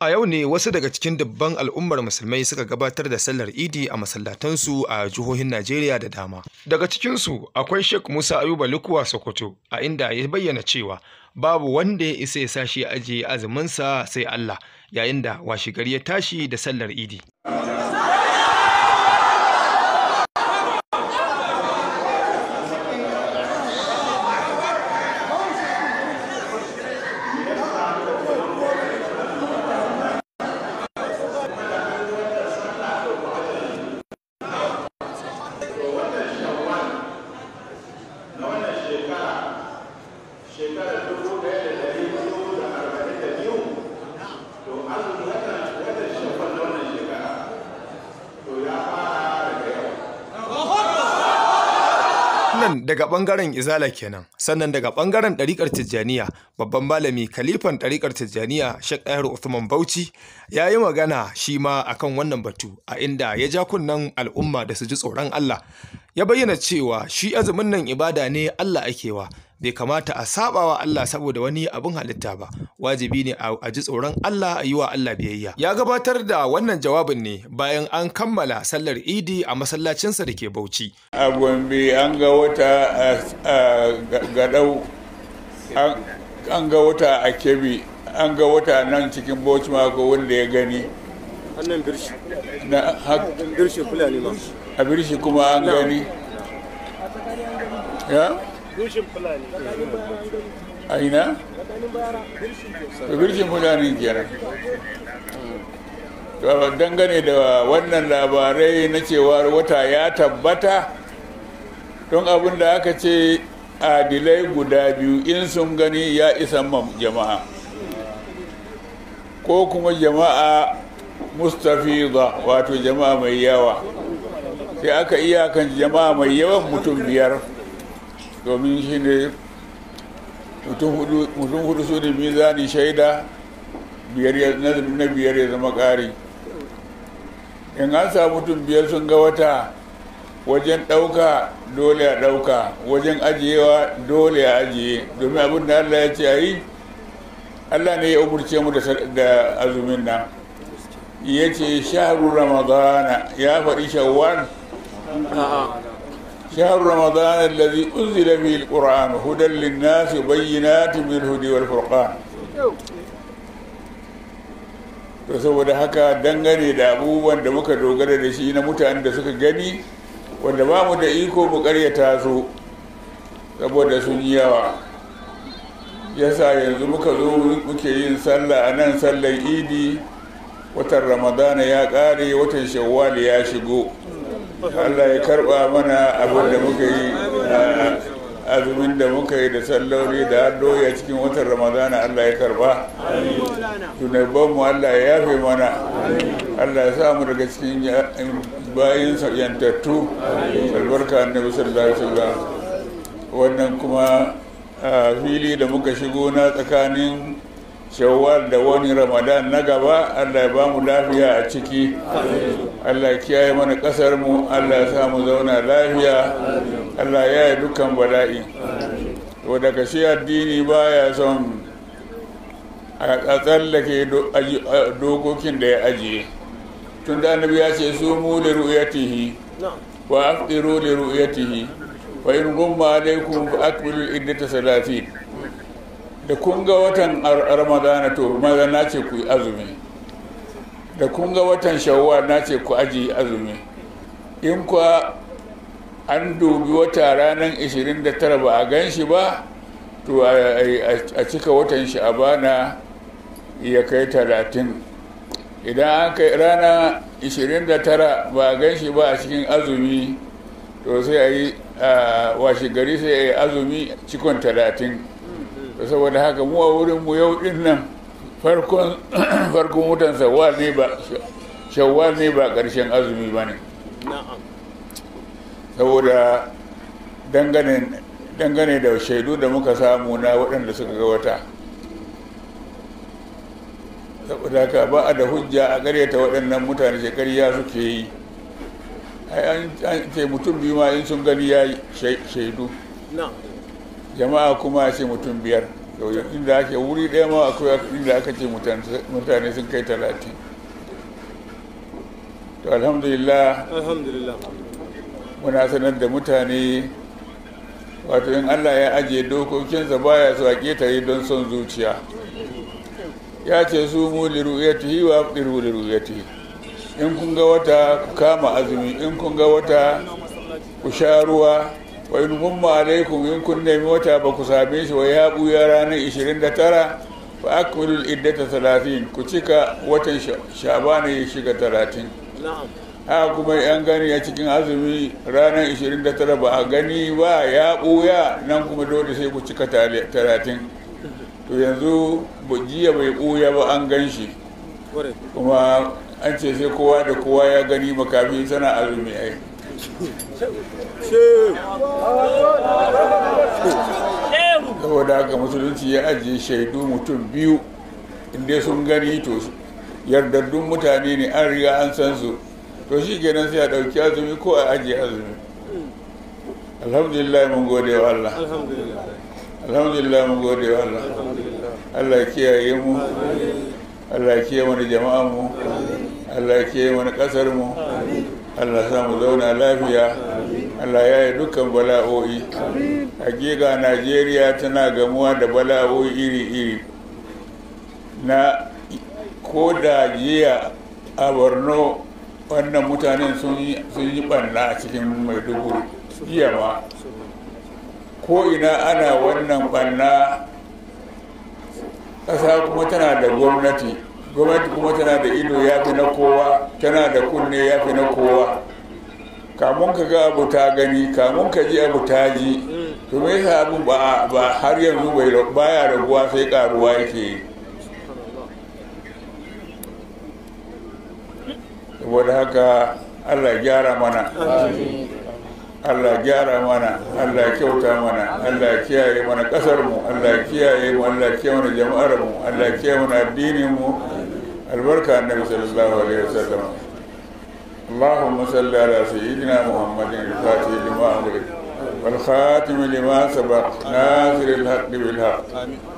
A yau ne wasu daga cikin dubban al'ummar musulmai suka gabatar da sallar Idi a masallatansu a jihohin Najeriya da dama. Daga cikinsu akwai Sheikh Musa Ayuba Lukuwa Sokoto a inda ya bayyana cewa babu wanda ya isa ya sashi ajiye azuminsa sai Allah yayin da washegari ya tashi da sallar Idi. wannan daga bangaren izala kenan sannan daga bangaren ɗariƙar tijjaniya babban malami kalifan ɗariƙar tijjaniya shek ɗayar usman bauchi ya yi magana shi ma akan wannan batu a inda ya ja kunnen al'umma da su ji tsoron allah ya bayyana cewa shi azumin nan ibada ne allah akewa bai kamata a saba wa Allah saboda wani abin halitta ba wajibi ne a ji tsoron Allah a yi wa Allah biyayya ya gabatar da wannan jawabin ne bayan an kammala sallar idi a masallacinsa da ke Bauchi a Gombe an ga wata gadau an ga wata a Kebbi an ga wata nan cikin Bauchi mako wanda ya gani birshi na a birshi kuma an gani ya Gurshin Fulani. A ina? To gurshin Fulani kenan. dangane da wannan labarai na cewa wata ya tabbata don abin da aka ce adilai guda biyu in sun gani ya isa jama'a ko kuma jama'a mustafiza wato jama'a mai yawa sai aka iyakan jama'a mai yawan mutum biyar domin shi ne mutum hudu su ne mizanin shaida na biyar ya zama ƙari in an sa mutum biyar sun ga wata wajen ɗauka dole a ɗauka wajen ajiyewa dole a ajiye domin abin da allah ya ce a yi allah ne ya umurce mu da azumin nan ya ce shaharu ramadana ya faɗi shawar. شهر رمضان الذي أنزل فيه القرآن هدى للناس وبينات من الهدى والفرقان saboda haka dangane da abubuwan da muka dogara da shi na mutanen da suka gani wanda ba mu da iko mu karyata su saboda sun yi yawa yasa yanzu muka zo muke yin sallah a nan sallar idi watan ramadana ya kare watan shawwal ya shigo Allah ya karba mana abin da muka yi azumin da muka yi da sallauri da doya cikin watan ramadana Allah ya karba tunabban mu Allah ya yafe mana Allah ya samu daga cikin bayan sa'yantattu albarka annabi sallallahu alaihi wasallam wannan kuma fili da muka shigo na tsakanin shawwal da wani ramadan na gaba allah ya bamu lafiya a ciki allah kiyaye mana kasar mu allah ya sa mu zauna lafiya allah ya yi dukkan bala'i to daga shi addini baya son a ke dokokin da ya ajiye tun da annabi ya ce su mu da ru'yatihi wa afdiru li ru'yatihi fa in gumma alaikum fa iddata salatin da kun ga watan ramadana to maza na ce ku yi azumi da kun ga watan shawwal na ce ku aji azumi in kuwa an dubi wata ranar 29 ba a gan shi ba to a cika watan shi a bana ya kai 30 idan an kai rana 29 ba a gan shi ba a cikin azumi to sai a yi washe gari sai a yi azumi cikon 30 saboda haka mu a wurin mu yau din nan farkon farkon watan shawwal ne ba ne ba karshen azumi ba ne saboda dangane dangane da shaidu da muka samu na waɗanda suka ga wata saboda haka ba a da hujja a ta waɗannan mutane shekariya suke yi ai an ce mutum biyu ma in sun gani ya yi shaidu jama'a kuma a ce mutum biyar inda ake wuri daya ma akwai inda aka ce mutane sun kai talatin to alhamdulillah muna sanar da mutane wato in allah ya ajiye dokokinsa baya su a ƙetare don son zuciya ya ce su mu tuhi wa ya tuhi in kun ga wata ku kama azumi in kun ga wata ku sha ruwa wai lumumma alaikum in kun nemi wata ba ku same shi wai ya buya ranar 29 fa akmilul iddata 30 ku cika watan shabana ya shiga 30 ha kuma yan gani a cikin azumi ranar 29 ba a gani ba ya buya nan kuma dole sai ku cika talatin to yanzu jiya bai buya ba an gan shi kuma an ce sai kowa da kowa ya gani makafi tana azumi ai saboda haka musulunci ya ajiye shaidu mutum biyu inda sun gani to yardaddun mutane ne an riga an san su to shi kenan sai a ɗauki azumi ko a ajiye azumi alhamdulillah mun gode wa Allah alhamdulillah mun gode wa Allah Allah kiyaye mu Allah kiyaye wani jama'a mu Allah kiyaye wani ƙasar mu Allah sa mu zauna lafiya Allah ya yi dukkan bala'o'i hakika najeriya tana gamuwa da bala'o'i iri-iri na ko da jiya a borno wannan mutanen sun yi banna a cikin maiduguri jiya ma ko ina ana wannan banna ƙasa kuma tana da gwamnati gwamnati kuma tana da ido ya fi na kowa tana da kunne ya fi na kowa kamun ka ga abu ta gani kamun ka ji abu ta ji to me yasa abu ba har yanzu bai baya raguwa sai karuwa yake yi saboda haka allah gyara mana allah gyara mana allah kyauta mana allah kiyaye mana kasar mu allah kiyaye mu allah kiyaye mana jama'ar mu allah kiyaye mana addinin mu albarka annabi sallallahu alaihi wasallam اللهم صل على سيدنا محمد الفاتح لما أمرك والخاتم لما سبق ناصر الحق بالحق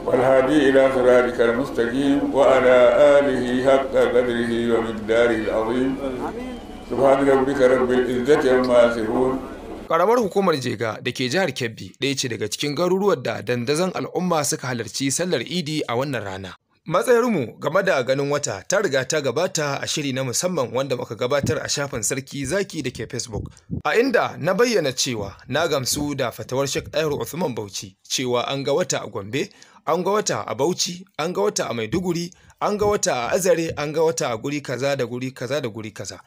والهادي إلى صراطك المستقيم وعلى آله حق قدره ومقداره العظيم سبحان ربك رب العزة عما يصفون karamar hukumar jega da ke jihar kebbi ɗaya ce daga cikin garuruwan da dandazon al'umma suka halarci sallar idi a wannan rana Matsayarmu game da ganin wata ta riga ta gabata a shiri na musamman wanda muka gabatar a shafin sarki zaki da ke Facebook, a inda na bayyana cewa na gamsu da fatawar Sheikh Ɗayar Usman Bauchi cewa an ga wata a Gombe, an ga wata a Bauchi, an ga wata a Maiduguri, an ga wata a Azare, an ga wata a guri kaza da guri kaza da guri kaza.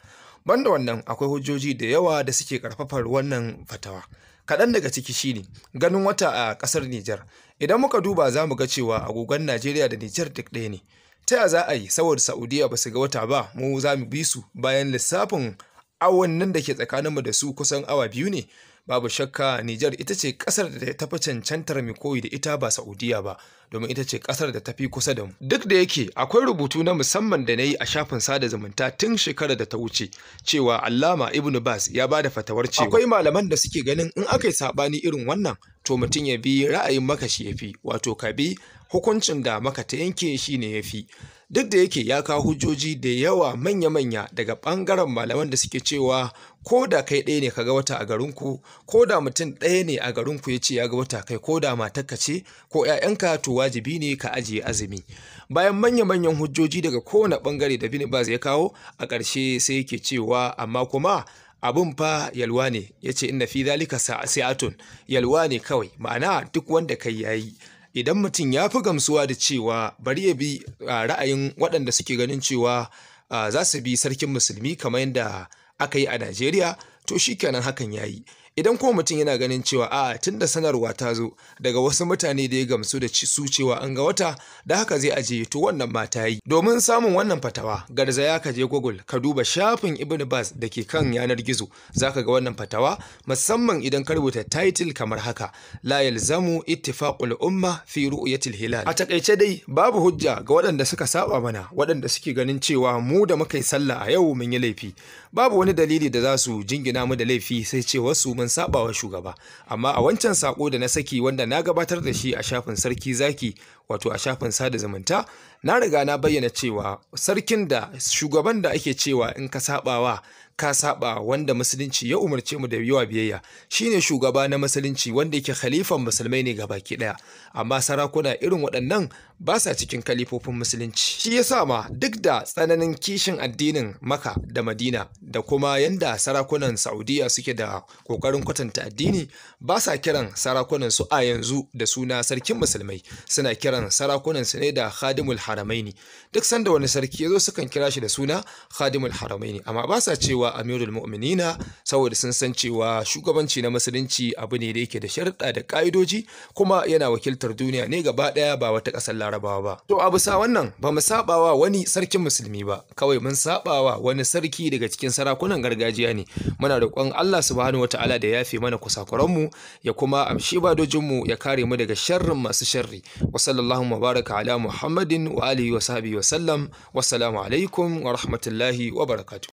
Banda wannan akwai hujjoji da yawa da suke karfafar wannan fatawa. kaɗan daga ciki shine ganin wata a ƙasar Nijar idan muka duba za mu ga cewa agogon najeriya da nijar duk ɗaya ne ta yaya za a yi saboda saudiya ba su ga wata ba mu za mu bi su bayan lissafin awannin da ke tsakaninmu da su kusan awa biyu ne babu shakka Nijar ita ce ƙasar da ta fi cancantar mikoyi da ita ba Saudiya ba domin ita ce ƙasar da ta fi kusa da mu duk da yake akwai rubutu na musamman da na yi a shafin sada zumunta tun shekarar da ta wuce cewa Allama Ibn Bas ya bada fatawar cewa akwai malaman da suke ganin in aka yi saɓani irin wannan to mutum ya bi ra'ayin makashi ya fi wato ka bi hukuncin da maka ta yanke shi ne ya fi duk da yake ya kawo hujjoji da yawa manya-manya daga ɓangaren malaman da suke cewa ko da kai ɗaya ne kaga wata a garinku ko da mutum ɗaya ne a garinku ya ce ya ga wata kai ko da ka ce ko ‘ya'yanka to wajibi ne ka ajiye azumi bayan manya-manyan hujjoji daga kowane ɓangare da bin ya kawo a ƙarshe sai yake cewa amma kuma abun fa yalwa ne ya ce inna fi zalika sa'atun yalwa ne kawai ma'ana duk wanda kai yayi idan mutum ya fi gamsuwa da cewa bari ya bi ah, ra'ayin waɗanda suke ganin cewa ah, za su bi sarkin musulmi kamar yadda aka yi a Najeriya to shikenan hakan ya yi idan kuma mutum yana ganin cewa a tun da sanarwa ta zo daga wasu mutane da ya gamsu da su cewa an ga wata da haka zai ajiye to wannan ma ta yi domin samun wannan fatawa garzaya ka je google ka duba shafin ibn bas da ke kan yanar gizo zaka ga wannan fatawa musamman idan ka rubuta title kamar haka la yalzamu ittifaqul umma fi ru'yatil hilal a takaice dai babu hujja ga waɗanda suka saba mana waɗanda suke ganin cewa mu da muka yi sallah a yau mun yi laifi babu wani dalili da za su jingina mu da laifi sai ce wasu mun laifin sabawa shugaba amma a wancan sako da na saki wanda na gabatar da shi a shafin sarki zaki wato a shafin sada zumunta na riga na bayyana cewa sarkin da shugaban da ake cewa in ka sabawa ka saba wanda musulunci ya umarce mu da yawa biyayya shine shugaba na musulunci wanda yake khalifan musulmai ne ga baki daya amma sarakuna irin waɗannan ba sa cikin kalifofin musulunci shi yasa ma duk da tsananin kishin addinin maka da madina da kuma yanda sarakunan saudiya suke da kokarin kwatanta addini ba sa kiran sarakunan su a yanzu da suna sarkin musulmai suna kiran bangaren sarakunan su ne da khadimul haramaini duk sanda wani sarki ya zo sukan kira shi da suna khadimul haramaini amma ba sa cewa amirul mu'minina saboda sun san cewa shugabanci na musulunci abu ne da yake da sharɗa da ka'idoji kuma yana wakiltar duniya ne gaba ɗaya ba wata ƙasar larabawa ba to a bisa wannan ba mu saɓawa wani sarkin musulmi ba kawai mun saɓawa wani sarki daga cikin sarakunan gargajiya ne muna roƙon Allah subhanahu wataala da ya fi mana kusakuranmu ya kuma amshi badojinmu ya kare mu daga sharrin masu sharri wa Allahumma barik ala Muhammadin wa alihi wa sahbihi wa sallam wassalamu alaikum wa rahmatullahi wa barakatuh